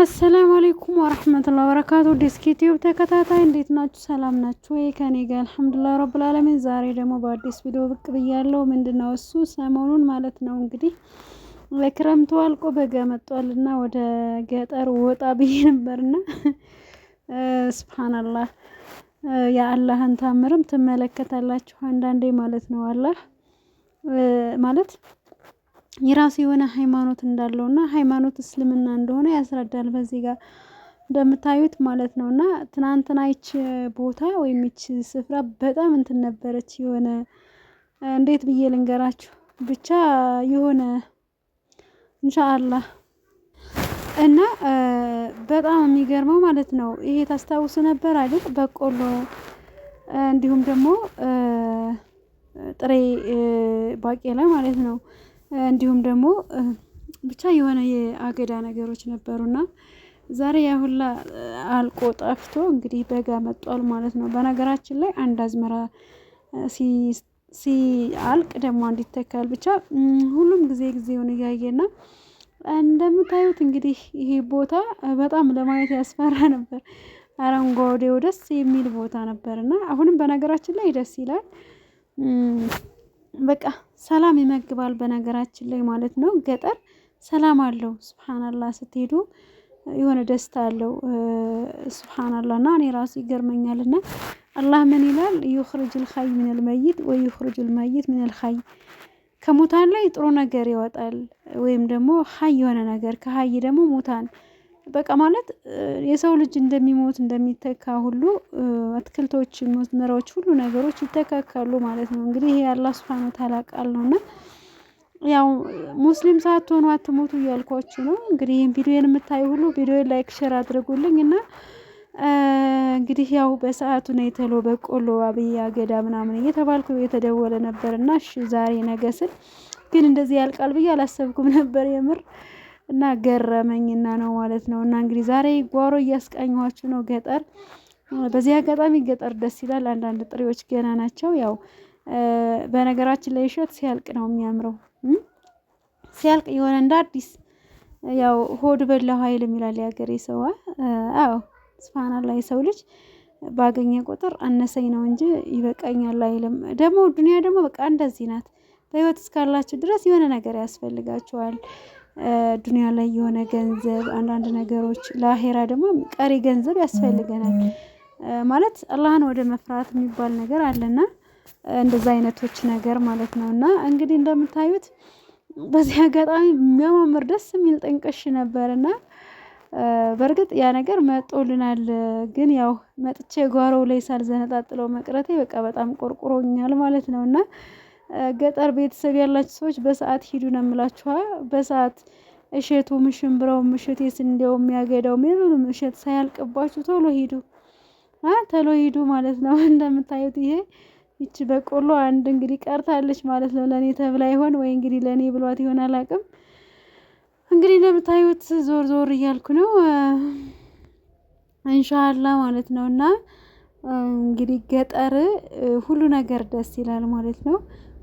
አሰላሙ አለይኩም ወረህመቱላሂ ወበረካቱ ዲስክ ዩቲዩብ ተከታታይ እንዴት ናችሁ? ሰላም ናችሁ ወይ? ከኔ ጋር አልሐምዱሊላህ ረብል ዓለሚን። ዛሬ ደግሞ በአዲስ ቪዲዮ ብቅ ብያለሁ። ምንድነው እሱ ሰሞኑን ማለት ነው እንግዲህ ክረምቱ አልቆ በጋ መጧልና ወደ ገጠር ወጣ ብዬ ነበርና ስብሓናላህ የአላህን ታምርም ትመለከታላችሁ አንዳንዴ ማለት ነው አላህ ማለት የራሱ የሆነ ሃይማኖት እና ሃይማኖት እስልምና እንደሆነ ያስረዳል በዚህ ጋር እንደምታዩት ማለት ነው። እና ትናንትና ይች ቦታ ወይም ይች ስፍራ በጣም እንትን ነበረች። የሆነ እንዴት ብዬ ልንገራችሁ ብቻ የሆነ እንሻአላህ እና በጣም የሚገርመው ማለት ነው ይሄ ታስታውሱ ነበር አይደል? በቆሎ እንዲሁም ደግሞ ጥሬ ባቄላ ማለት ነው እንዲሁም ደግሞ ብቻ የሆነ የአገዳ ነገሮች ነበሩና ዛሬ ያሁላ አልቆ ጠፍቶ እንግዲህ በጋ መጧል ማለት ነው። በነገራችን ላይ አንድ አዝመራ ሲአልቅ ደግሞ እንዲተካል ብቻ ሁሉም ጊዜ ጊዜውን እያየና እንደምታዩት እንግዲህ ይሄ ቦታ በጣም ለማየት ያስፈራ ነበር። አረንጓዴው ደስ የሚል ቦታ ነበር እና አሁንም በነገራችን ላይ ደስ ይላል። በቃ ሰላም ይመግባል። በነገራችን ላይ ማለት ነው ገጠር ሰላም አለው። ስብሓናላ ስትሄዱ የሆነ ደስታ አለው። ስብሓናላ እና እኔ ራሱ ይገርመኛል። እና አላህ ምን ይላል? ዩኽርጅ ልኸይ ምን ልመይት ወይ ዩኽርጅ ልመይት ምን ልኸይ ከሙታን ላይ ጥሩ ነገር ይወጣል፣ ወይም ደግሞ ሀይ የሆነ ነገር ከሀይ ደግሞ ሙታን በቃ ማለት የሰው ልጅ እንደሚሞት እንደሚተካ ሁሉ አትክልቶች፣ መስመሮች፣ ሁሉ ነገሮች ይተካካሉ ማለት ነው። እንግዲህ ይሄ አላህ ሱብሃነሁ ወተዓላ ቃል ነውና ያው ሙስሊም ሳትሆኑ አትሞቱ እያልኳችሁ ነው። እንግዲህ ይህን ቪዲዮን የምታዩ ሁሉ ቪዲዮ ላይክ፣ ሼር አድርጉልኝ እና እንግዲህ ያው በሰዓቱ ነው የተሎ በቆሎ አብያ ገዳ ምናምን እየተባልኩ እየተደወለ ነበር እና እሺ ዛሬ ነገ ስል ግን እንደዚህ ያልቃል ብዬ አላሰብኩም ነበር የምር እና ገረመኝና ነው ማለት ነው። እና እንግዲህ ዛሬ ጓሮ እያስቃኘኋችሁ ነው ገጠር። በዚህ አጋጣሚ ገጠር ደስ ይላል። አንዳንድ ጥሬዎች ገና ናቸው። ያው በነገራችን ላይ እሸት ሲያልቅ ነው የሚያምረው። ሲያልቅ የሆነ እንደ አዲስ ያው ሆድ በላው ኃይል ይላል የሀገሬ ሰው። አዎ ላይ ሰው ልጅ ባገኘ ቁጥር አነሰኝ ነው እንጂ ይበቃኛል አይልም። ደግሞ ዱንያ ደግሞ በቃ እንደዚህ ናት። በህይወት እስካላችሁ ድረስ የሆነ ነገር ያስፈልጋችኋል። ዱንያ ላይ የሆነ ገንዘብ አንዳንድ ነገሮች ለአሄራ ደግሞ ቀሪ ገንዘብ ያስፈልገናል። ማለት አላህን ወደ መፍራት የሚባል ነገር አለና እንደዛ አይነቶች ነገር ማለት ነው። እና እንግዲህ እንደምታዩት በዚህ አጋጣሚ የሚያማምር ደስ የሚል ጥንቅሽ እና በእርግጥ ያ ነገር መጦልናል። ግን ያው መጥቼ ጓሮው ላይ ሳልዘነጣጥለው መቅረቴ በቃ በጣም ቆርቁሮኛል ማለት ነው እና ገጠር ቤተሰብ ያላችሁ ሰዎች በሰዓት ሂዱ ነው የምላችኋ። በሰዓት እሸቱም ሽምብራውም እሸት የስንዴውም የሚያገዳው ምንም እሸት ሳያልቅባችሁ ቶሎ ሂዱ፣ ቶሎ ሂዱ ማለት ነው። እንደምታዩት ይሄ ይቺ በቆሎ አንድ እንግዲህ ቀርታለች ማለት ነው። ለእኔ ተብላ ይሆን ወይ እንግዲህ ለእኔ ብሏት ይሆን አላቅም። እንግዲህ እንደምታዩት ዞር ዞር እያልኩ ነው እንሻላ ማለት ነው። እና እንግዲህ ገጠር ሁሉ ነገር ደስ ይላል ማለት ነው።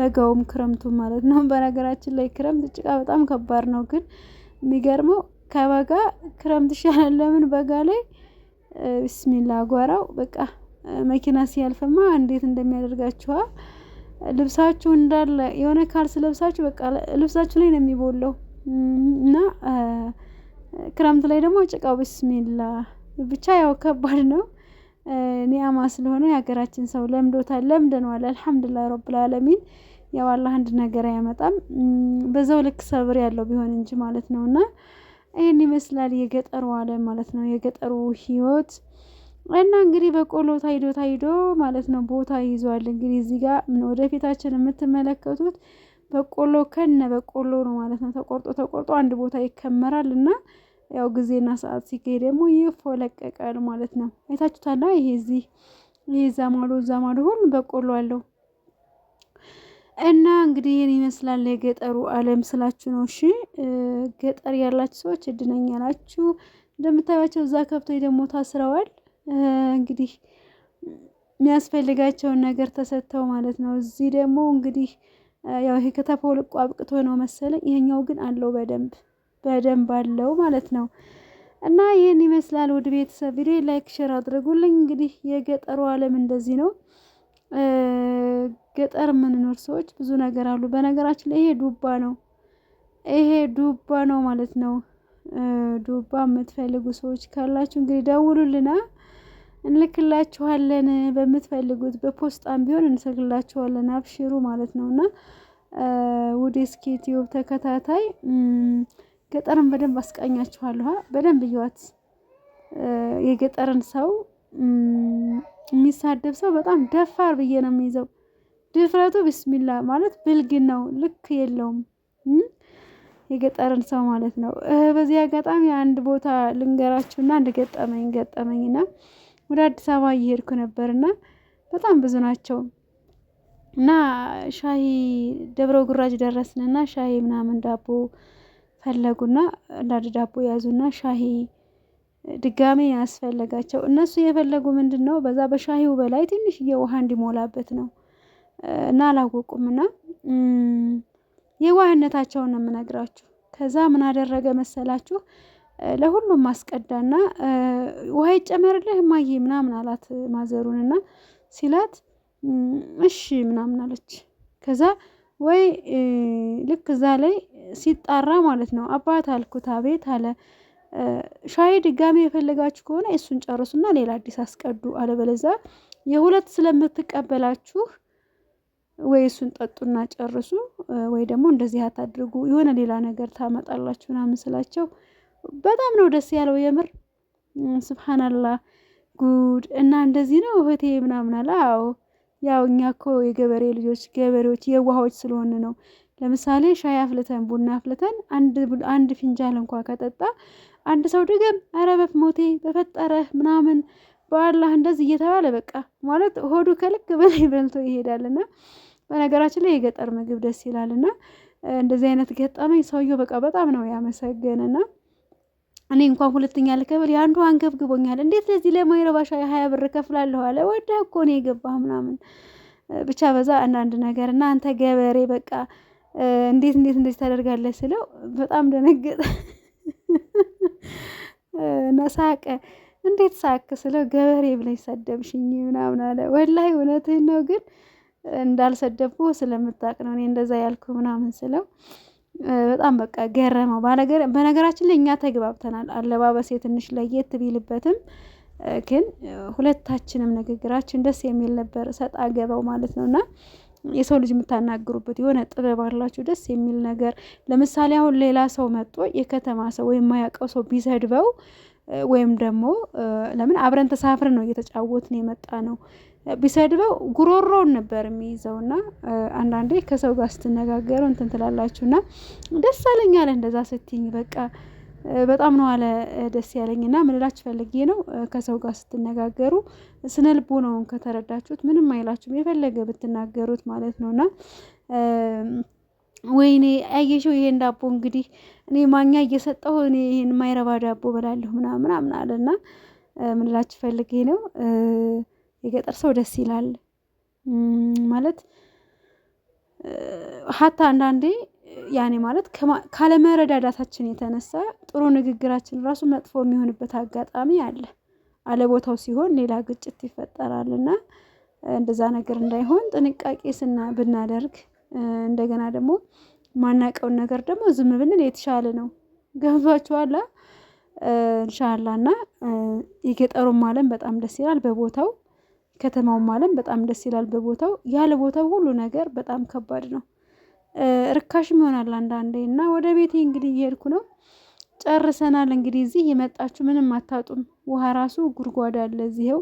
በጋውም ክረምቱ ማለት ነው። በነገራችን ላይ ክረምት ጭቃ በጣም ከባድ ነው። ግን የሚገርመው ከበጋ ክረምት ይሻላል። ለምን በጋ ላይ ብስሚላ አጓራው በቃ መኪና ሲያልፍማ እንዴት እንደሚያደርጋችኋ ልብሳችሁ እንዳለ የሆነ ካልስ ለብሳችሁ በቃ ልብሳችሁ ላይ ነው የሚቦለው እና ክረምት ላይ ደግሞ ጭቃው ብስሚላ ብቻ ያው ከባድ ነው። ኒያማ ስለሆነ የሀገራችን ሰው ለምዶታል። ለምደነዋል። አልሐምዱሊላህ ረብል ያው አላህ አንድ ነገር አያመጣም። በዛው ልክ ሰብር ያለው ቢሆን እንጂ ማለት ነው። እና ይህን ይመስላል የገጠሩ ዓለም ማለት ነው የገጠሩ ህይወት እና እንግዲህ በቆሎ ታይዶ ታይዶ ማለት ነው ቦታ ይዟል። እንግዲህ እዚህ ጋር ወደፊታችን የምትመለከቱት በቆሎ ከነ በቆሎ ነው ማለት ነው። ተቆርጦ ተቆርጦ አንድ ቦታ ይከመራል እና ያው ጊዜና ሰዓት ሲገኝ ደግሞ ይፎለቀቃል ማለት ነው። አይታችሁታል። ይሄ እዚህ ይሄ ዛማዶ ዛማዶ ሁሉ በቆሎ አለው። እና እንግዲህ ይህን ይመስላል የገጠሩ ዓለም ስላችሁ ነው። እሺ ገጠር ያላችሁ ሰዎች እድለኛ ናችሁ። እንደምታዩቸው እዛ ከብቶች ደግሞ ታስረዋል። እንግዲህ የሚያስፈልጋቸውን ነገር ተሰጥተው ማለት ነው። እዚህ ደግሞ እንግዲህ ያው ይሄ ልቆ አብቅቶ ነው መሰለኝ። ይሄኛው ግን አለው በደንብ በደንብ አለው ማለት ነው። እና ይህን ይመስላል ውድ ቤተሰብ ቪዲዮ ላይክ ሼር አድርጉልኝ። እንግዲህ የገጠሩ ዓለም እንደዚህ ነው። ገጠር የምንኖር ሰዎች ብዙ ነገር አሉ። በነገራችን ላይ ይሄ ዱባ ነው። ይሄ ዱባ ነው ማለት ነው። ዱባ የምትፈልጉ ሰዎች ካላችሁ እንግዲህ ደውሉልና እንልክላችኋለን። በምትፈልጉት በፖስጣም ቢሆን እንልክላችኋለን። አብሽሩ ማለት ነው እና ውድ እስኪ ተከታታይ ገጠርን በደንብ አስቃኛችኋለሁ። በደንብ እዩዋት የገጠርን ሰው የሚሳደብ ሰው በጣም ደፋር ብዬ ነው የሚይዘው። ድፍረቱ ቢስሚላ ማለት ብልግናው ልክ የለውም። የገጠርን ሰው ማለት ነው። በዚህ አጋጣሚ አንድ ቦታ ልንገራችሁና አንድ ገጠመኝ ገጠመኝና ወደ አዲስ አበባ እየሄድኩ ነበርና በጣም ብዙ ናቸው እና ሻሂ ደብረ ጉራጅ ደረስንና ሻሂ ምናምን ዳቦ ፈለጉና እንዳንድ ዳቦ ያዙና ሻሂ ድጋሜ ያስፈለጋቸው እነሱ የፈለጉ ምንድን ነው በዛ በሻሂው በላይ ትንሽዬ ውሃ እንዲሞላበት ነው እና አላወቁም እና የዋህነታቸውን ነው የምነግራችሁ ከዛ ምን አደረገ መሰላችሁ ለሁሉም ማስቀዳና ውሃ ይጨመርልህ እማዬ ምናምን አላት ማዘሩንና ሲላት እሺ ምናምን አለች ከዛ ወይ ልክ እዛ ላይ ሲጣራ ማለት ነው አባት አልኩት አቤት አለ ሻይ ድጋሚ የፈለጋችሁ ከሆነ እሱን ጨርሱና ሌላ አዲስ አስቀዱ። አለበለዛ የሁለት ስለምትቀበላችሁ ወይ እሱን ጠጡና ጨርሱ፣ ወይ ደግሞ እንደዚህ አታድርጉ፣ የሆነ ሌላ ነገር ታመጣላችሁ ምናምን ስላቸው በጣም ነው ደስ ያለው። የምር ስብሓናላ ጉድ እና እንደዚህ ነው እህቴ ምናምን አለ። አዎ ያው እኛ እኮ የገበሬ ልጆች ገበሬዎች የዋሆች ስለሆነ ነው። ለምሳሌ ሻይ አፍልተን ቡና አፍልተን አንድ አንድ ፊንጃል እንኳ ከጠጣ አንድ ሰው ድገም፣ ኧረ በፍሞቴ በፈጠረህ ምናምን በአላህ እንደዚህ እየተባለ በቃ ማለት ሆዱ ከልክ በላይ በልቶ ይሄዳልና፣ በነገራችን ላይ የገጠር ምግብ ደስ ይላልና እንደዚህ አይነት ገጠመኝ ሰውየው በቃ በጣም ነው ያመሰገንና እኔ እንኳን ሁለተኛ ልከፍል የአንዱ አንገብግቦኛል። እንዴት ለዚህ ለማይረባሻ የሀያ ብር ከፍላለሁ አለ። ወደ እኮ ነው የገባህ ምናምን ብቻ በዛ አንዳንድ ነገር እና አንተ ገበሬ በቃ እንዴት እንዴት እንደዚህ ታደርጋለህ ስለው በጣም ደነገጠ። ነሳቀ። እንዴት ሳክ ስለው ገበሬ ብለሽ ሰደብሽኝ ምናምን አለ። ወላ እውነትህን ነው ግን እንዳልሰደብኩ ስለምታቅ ነው እኔ እንደዛ ያልኩ ምናምን ስለው በጣም በቃ ገረመው። በነገራችን ላይ እኛ ተግባብተናል። አለባበሴ ትንሽ ለየት ቢልበትም ግን ሁለታችንም ንግግራችን ደስ የሚል ነበር፣ ሰጣ ገባው ማለት ነው እና የሰው ልጅ የምታናግሩበት የሆነ ጥበብ አላችሁ፣ ደስ የሚል ነገር። ለምሳሌ አሁን ሌላ ሰው መጥቶ የከተማ ሰው ወይም የማያውቀው ሰው ቢሰድበው ወይም ደግሞ ለምን አብረን ተሳፍረን ነው እየተጫወትን የመጣ ነው ቢሰድበው ጉሮሮውን ነበር የሚይዘውና አንዳንዴ ከሰው ጋር ስትነጋገሩ እንትን ትላላችሁና ደስ አለኛለ እንደዛ ስትኝ በቃ በጣም ነው አለ ደስ ያለኝ እና ምንላችሁ ፈልጌ ነው ከሰው ጋር ስትነጋገሩ ስነ ልቦናውን ከተረዳችሁት ምንም አይላችሁም፣ የፈለገ ብትናገሩት ማለት ነው እና ወይኔ አየሽው ይሄን ዳቦ እንግዲህ እኔ ማኛ እየሰጠሁ እኔ ይሄን ማይረባ ዳቦ በላለሁ ምናምን ምናምን አለና ምንላችሁ ፈልጌ ነው የገጠር ሰው ደስ ይላል ማለት ሀታ አንዳንዴ ያኔ ማለት ካለመረዳዳታችን የተነሳ ጥሩ ንግግራችን ራሱ መጥፎ የሚሆንበት አጋጣሚ አለ። አለቦታው ሲሆን ሌላ ግጭት ይፈጠራል እና እንደዛ ነገር እንዳይሆን ጥንቃቄ ስና ብናደርግ እንደገና ደግሞ ማናቀውን ነገር ደግሞ ዝም ብንል የተሻለ ነው። ገብቷችኋል? እንሻላ እና የገጠሩም ዓለም በጣም ደስ ይላል በቦታው ከተማውም ዓለም በጣም ደስ ይላል በቦታው። ያለ ቦታው ሁሉ ነገር በጣም ከባድ ነው። ርካሽም ይሆናል አንዳንዴ እና ወደ ቤቴ እንግዲህ እየሄድኩ ነው። ጨርሰናል። እንግዲህ እዚህ የመጣችሁ ምንም አታጡም። ውሃ ራሱ ጉድጓድ አለ እዚህው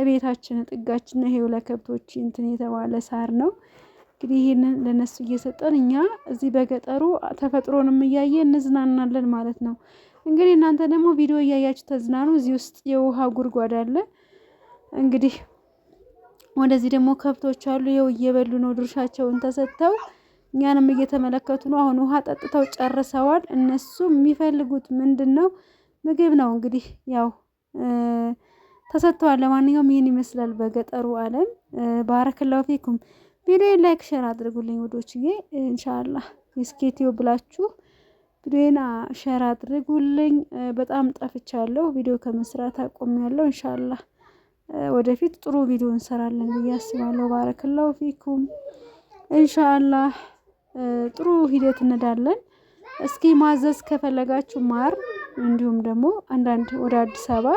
እቤታችን ጥጋችን ይሄው ለከብቶች እንትን የተባለ ሳር ነው። እንግዲህ ይህንን ለነሱ እየሰጠን እኛ እዚህ በገጠሩ ተፈጥሮንም እያየ እንዝናናለን ማለት ነው። እንግዲህ እናንተ ደግሞ ቪዲዮ እያያችሁ ተዝናኑ። እዚህ ውስጥ የውሃ ጉድጓድ አለ። እንግዲህ ወደዚህ ደግሞ ከብቶች አሉ። ይኸው እየበሉ ነው ድርሻቸውን ተሰጥተው እኛንም እየተመለከቱ ነው። አሁን ውሃ ጠጥተው ጨርሰዋል። እነሱ የሚፈልጉት ምንድን ነው? ምግብ ነው እንግዲህ ያው ተሰጥተዋል። ለማንኛውም ይህን ይመስላል በገጠሩ ዓለም። ባረክላው ፊኩም ቪዲዮን ላይክ፣ ሸር አድርጉልኝ ወዶችዬ። እንሻላ የስኬትዮ ብላችሁ ቪዲዮና ሸር አድርጉልኝ። በጣም ጠፍቻለሁ፣ ቪዲዮ ከመስራት አቆሚያለሁ። እንሻላ ወደፊት ጥሩ ቪዲዮ እንሰራለን ብዬ አስባለሁ። ባረክላው ፊኩም እንሻላ ጥሩ ሂደት እንዳለን። እስኪ ማዘዝ ከፈለጋችሁ ማር እንዲሁም ደግሞ አንዳንድ ወደ አዲስ አበባ